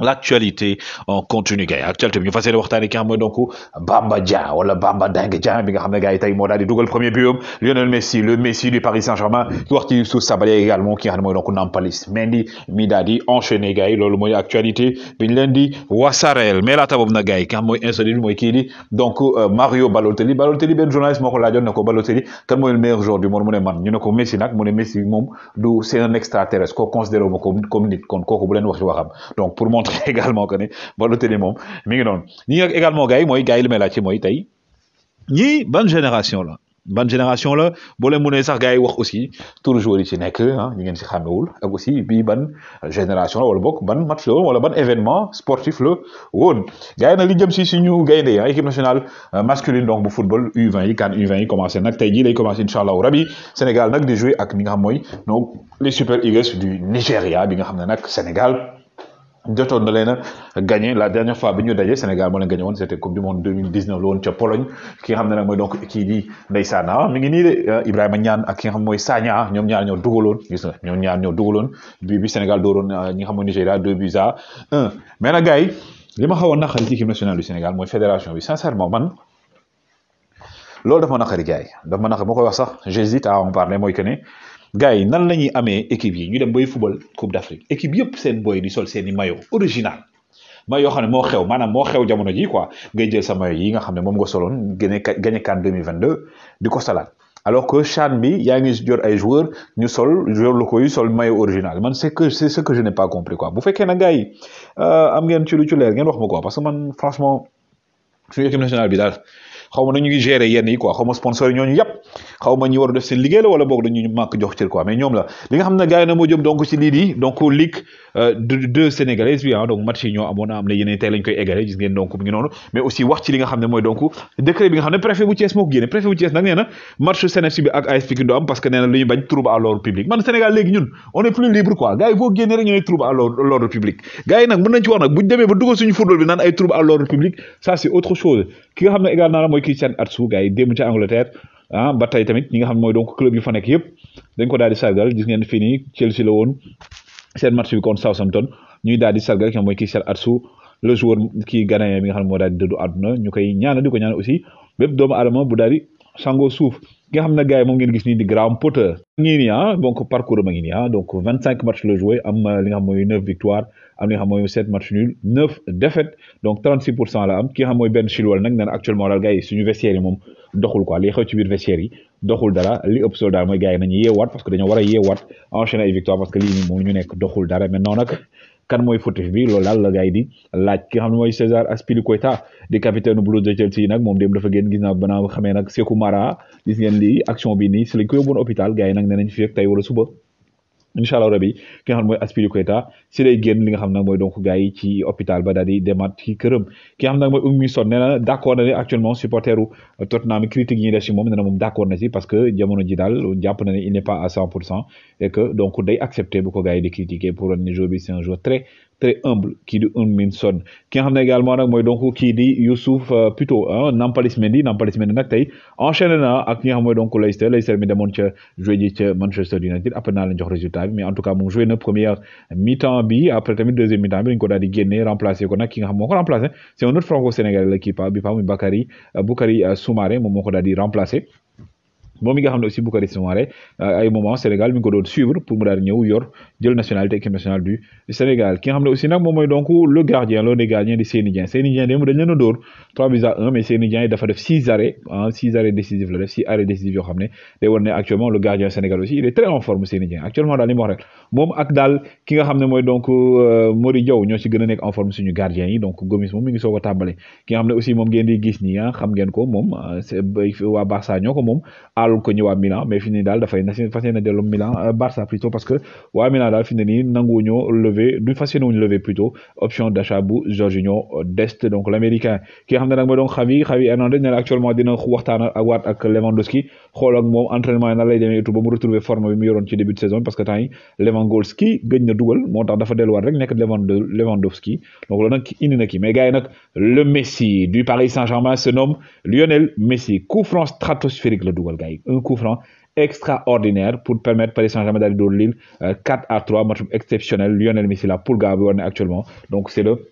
l'actualité en continu gars actualité ñu fas yéene waxtaanee ki nga xam mooy donc Bamba Dieng wala Bamba Dingue Dieng bi nga xam ne gars yi tey moo daal di dugal premier but Lionel Messi le Messi du Paris Saint-Germain ki wax ci Youssouf Sabaly également ki nga xam ne donc Nampalis Mendy mi daal di enchaîner gars lolu moy actualité bi ñu leen di wasareel mais la boobu na gars yi ki xam mooy insolite moy ki di donc euh, Mario Balotelli Balotelli ben journaliste moo la jonne ko Balotelli kan moy le meilleur joueur du monde mu man ñu ne ko Messi nak mu Messi mom du c'est un extraterrestre ko considéré ma ko comme nit kon kooku bu leen wax ci waxam donc pour également que Bon, le moom Mais non. ni également gars moi mooy gars yi li may laaj ci mooy tey génération là, bonne génération là, bon les monnaies sax gars wax aussi Toujours ici, yi ci nekk ah ñu ngeen si ak aussi bi ban génération wala bok ban match wala ban événement sportif le, woon gars na li jëm ci suñu gaynde ah, équipe nationale euh, masculine donc bu football U20 yi kan U20 yi commencé nak tay ji lay commencé inshallah au rabi Sénégal nak di jouer ak mi nga xam donc les Super Eagles du Nigeria. bi nga xam nak Sénégal jotoon na leen a gagné la dernière fois bi ñu dajee Sénégal moo leen gagné woon c' était coupe du monde 2019 la woon ca Pologne ki nga xam ne nag mooy donc kii di ndeysaan ah mi ngi nii de ah, Ibrahima Niane ak ki nga xam mooy Sagna ah, ñoom ñaar ñoo dugaloon gis nga ñoom ñaar ñoo dugaloon bi bi Sénégal dooroon ah, ñi nga xam mooy Nigéria deux buts à un mais nag gars yi li ma xaw a naqari ci équipe nationale du Sénégal mooy fédération bi sincèrement man loolu dafa ma naqari gars yi dafa ma naqari moo koy wax sax j' hésite à en parler mooy que ne gars yi nan lañuy amé équipe yi ñu dem bay football coupe d'Afrique équipe yépp seen boy di sol seen maillot original maillot yo xam mo xew manam mo xew jamono ji quoi ngay jël sa maillot yi nga xam mom nga soloon gagné gagné CAN 2022 diko salat alors que CHAN bi ya ngi jor ay joueurs ñu sol joueur locaux yi sol maillot original man c'est que c'est ce que je n'ai pas compris quoi bu fekké na gars yi euh, am ngeen ci lu ci leer ngeen wax ma quoi parce que man franchement suñu équipe nationale bi daal xaw ma nañu ngi yenn yi quoi xaw sponsor yi ñooñu yàpp xaw ñi war def seen liggéey la wala boog dañu màkk jox cër mais aussi wax nag nee demee ba dugal suñu football bi naan ay trouble à l'ordre public ça c'est autre chose ki nga xam ne égal naa la mooy Christian Atsu gars yi démb ca Angleterre ah ba tey tamit ñi nga xam mooy donc club yu fa nekk yëpp dañ ko daal sargal ngeen fii Chelsea la woon seen match bi Southampton ñuy daal sargal ki nga Christian Atsu le joueur kii ghanéen bi nga xam ne moo daal di ñu koy ñaanal di ko aussi bépp doomu aadama bu daal sangoo suuf nga xam ne gars yi moom ngeen gis nii di Graham Potter. ñii nii ah donc parcours am a ngi nii ah donc vingt cinq matchs la joué am euh, li nga xam mooy neuf victoires am li nga xam mooy sept matchs nuls neuf défaites donc trente six pour cent la am ki nga xam mooy Ben Chilwell nag nee actuellement daal gars yi suñu vestiaire yi moom doxul quoi li xew ci biir vestiaire yi doxul dara li ëpp solo mooy gars yi nañu yeewaat parce parce que lii nii moom ñu nekk kan mooy fautif bi loolu daal la gars yi di laaj ki nga xam ne mooy César Azpilicueta di capitaine Blues de Chelsea nag moom dem dafa génn gis naa banaa xamee nag Sékou Mara gis ngeen lii action bi nii si lañ ko yóbboon hôpital gars yi nag fi rek wala suba incha allah rabi ki nga xam ne mooy Aspirou Koita si lay génn li nga xam ne mooy donc gars yi ci hôpital ba daal di demat ci këram ki nga xam ne mooy Oumy Sone nee na d' accord na ne actuellement supporteru Tottenham critique yi ñuy def si moom nee na moom d' accord na si parce que jamono ji daal jàpp na ne il n' est pas à 100 pour cent et que donc day accepté bu ko gars yi di critiquer pour ne jour bi c' est un jour très très humble qui de un minson qui ki euh, hein, nga xam également nag donc qui di Youssouf plutôt Nampalys Mendy Nampalys Mendy nag tey enchaîné na ak ki nga xam donc Leicester Leicester mi demoon ci jouer ci Manchester United après n'a leen jox résultat bi mais en tout cas moom jouer na première mi-temps bi après tamit deuxième mi-temps bi ñu ko daal di remplacer remplacé ko nak ki nga xam moko remplacer remplacé c'est un autre franco-sénégalais la bi pa muy Bakary Soumaré moom moko ko remplacer remplacé moom mi nga xam ne aussi Boukary Soumaré euh, ay moment Sénégal mi ngi ko doon suivre pour mu daal ñëw yor jël nationalité équipe nationale du Sénégal ki nga xam ne aussi nag moom mooy donc le gardien l'un des gardiens di Seny Dieng Seny Dieng dañ leen a dóor 3 buts à 1 mais Seny Dieng dafa def 6 arrêts 6 hein, arrêts décisifs la def 6 arrêts décisifs yoo xam ne day war actuellement le gardien Sénégal aussi il est très en forme Seny Dieng actuellement daal li mu wax rek moom ak daal ki nga xam ne mooy donc euh, Mody Diaw ñoo ci gën a nekk en forme suñu gardien yi donc Gomis moom mi ngi soog a tàmbale ki nga xam ne aussi moom ngeen di gis nii ah xam ngeen ko moom euh, waa Barça ñoo ko moom jaaral ko ñu Milan mais fini dal da fay dafay fas Milan euh, Barça plutôt parce que wa Milan dal fini ni nii nanguwuñoo lever du fas lever plutôt option d'achat bu Jorginho d'Est donc l'américain qui xamne nak ne nag mooy donc Xavi Xavi Hernandez ne actuellement dina waxtaan ak waat ak Lewandowski xol ak mom entraînement na lay démé tout ba mu retrouver forme bi mu yoron ci début de saison parce que temps yi Lewandowski gëj na dugal motax dafa dafa delluwaat rek nek Lewandowski donc là nag indi na qui mais gars yi le Messi du Paris Saint-Germain se nomme Lionel Messi coup franc stratosphérique le dugal un coup franc extraordinaire pour permettre Paris Saint-Germain d'aller de l'île 4 à 3, match exceptionnel. Lionel Messi là pour Gabon actuellement. Donc c'est le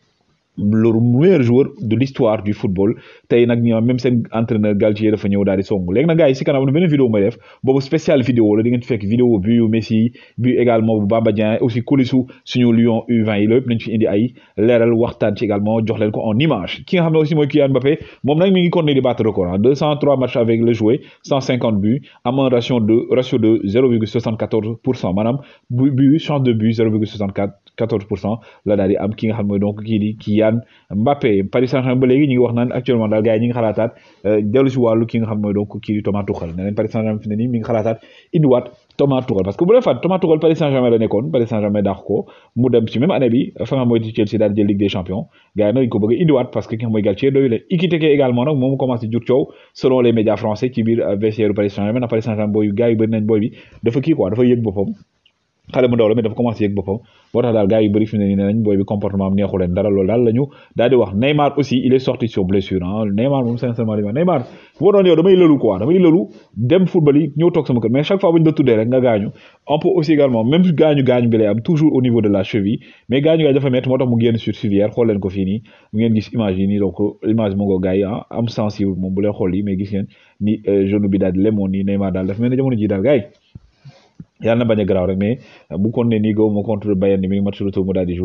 leur meilleur joueur de l'histoire du football tay nak ñoom même sen entraîneur Galtier dafa ñëw daal di song léegi nag gars yi si kanam am vidéo may def bobu spécial vidéo la di ngeen fekk vidéo bi yu Messi bi également bu Bamba Dieng aussi coulissu suñu Lyon U20 yi lepp yëpp nañ fi indi ay leeral waxtaan ci également jox leen ko en image ki nga xamne aussi moy Kylian Mbappé mom nak mi ngi konné di battre record 203 hein. matchs avec le joué 150 buts am un ratio de ratio de 0,74 manam bu bu chance de but 0,64 14 pour cent la daal di am ki nga xam mooy donc kii di Kylian Mbappé Paris Saint-Germain ba léegi ñu ngi wax naan actuellement daal gars yi ñi ngi xalaataat euh, dellu si wàllu ki nga xam mooy donc kii di Thomas Tuchel ne leen Paris Saint-Germain fi ne nii mi ngi xalaataat indiwaat Thomas Tuchel parce que bu le fàtte Thomas Tuchel Paris Saint-Germain la nekkoon Paris Saint-Germain dàq ko mu dem ci même année bi fa nga mooy di Chelsea daal jël Ligue des Champions gars yi nag ko bëgg a indiwaat parce que ki nga mooy ci doyu la Ekitike également nag moomu commencé jur coow selon les médias français ci biir vestiaire Paris Saint-Germain na Paris Saint-Germain booyu gars yu bëri nañ booy bi dafa kii quoi dafa yëg boppam xale bu ndaw la mais dafa commencé yëg boppam boo tax daal gars yu bëri fi ne nii nañ booy bi comportement am neexu leen dara loolu daal lañu ñu daal di wax Neymar aussi il est sorti sur blessure ah Neymar moom sincèrement dañu Neymar bu ma doon yow damay lëlu quoi damay lëlu dem football yi ñëw toog sama kër mais chaque fois bu ñu la tuddee rek nga gaañu on peut aussi également même gaañu gaañu bi lay am toujours au niveau de la cheville mais gaañu gaañu dafa métti moo tax mu génn sur civière xool leen ko fii nii mu ngeen gis image yi nii donc image mu ngoo gars yi ah am sensible moom bu leen xool yi mais gis ngeen ni euh, genou bi daal di lemoon nii Neymar daal daf mel ne jamono ji daal gars yàlla na bañ a garaaw rek mais bu kon ne nii gaw contre Bayern ni mi match retour mu daal di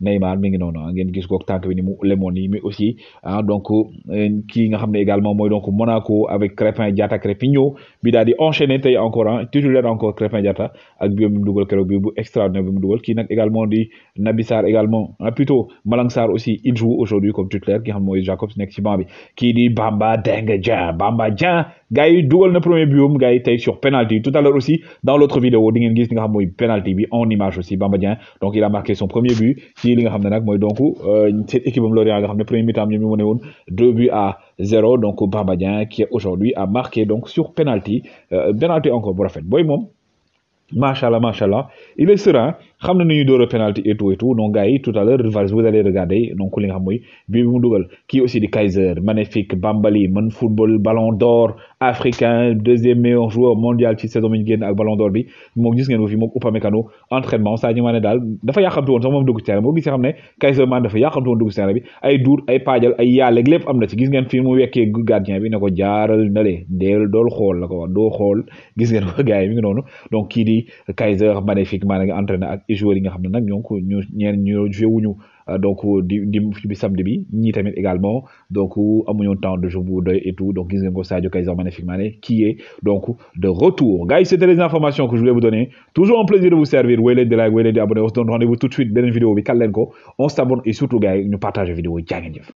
Neymar mi ngi noonu ah, ngeen gis ko tànk bi ni mu lemoon mais aussi ah donc euh, kii nga xam ne également mooy donc Monaco avec Crépin Diatta Crépinio bi daal di enchaîner tey encore ah titulaire encore Crépin Diatta ak bi mu dugal keroog bi bu extraordinaire bi mu dugal kii nag également di Naby Sarr également ah, plutôt Malang Sarr aussi il joue aujourd'hui comme titulaire ki xam ne mooy Jacobs nekk ci banc bi kii di Bamba Dieng Dieng Bamba Dieng gars double le premier but am gars yi sur penalty tout à l'heure aussi dans l'autre vidéo di ngeen gis nga xam penalty bi en image aussi Bamba donc il a marqué son premier but ci li nga xam donc euh, cette équipe Lorient nga xam premier but, temps ñoom ñu deux buts à zéro donc bambadien qui aujourd'hui a marqué donc sur penalty euh, penalty encore bu rafet booy moom macha il est serein xam na nu door a penalty et tout et tout non gars yi tout à l'heure vous allez regarder donc li nga xam mooy bi mu dugal kii aussi di Kaiser magnifique Bambali man football ballon d'or africain deuxième meilleur joueur mondial ci saison bi ñu génn ak ballon d'or bi moom gis ngeen ko fi moom Upamecano entraînement Sadio Mané daal dafa yàqamtu woon sax moom dugg ci terrain boo gisee xam ne Kaiser man dafa yàqamtu woon dugg ci terrain bi ay duur ay paajal ay yaaleeg lépp am na ci gis ngeen fi mu wekkee gardien bi ne ko jaaral na le deel dool xool la ko wax doo xool gis ngeen ko gars yi mi ngi noonu donc kii di Kaiser magnifique maa nga entraîné ak ci joueurs yi nga xam nak ñong ko ñu ñeen ñu wuñu euh, donc di di bi samedi bi ñi tamit également donc amuñu temps de jeu de doy et tout donc gis ngeen ko Sadio Kaiser magnifique Mané qui est donc de retour gars c'était les informations que je voulais vous donner toujours un plaisir de vous servir wooy de like wooy de di abonné on se donne rendez-vous tout de suite beneen vidéo bi kal ko on s'abonne et surtout gars ñu partage vidéo yi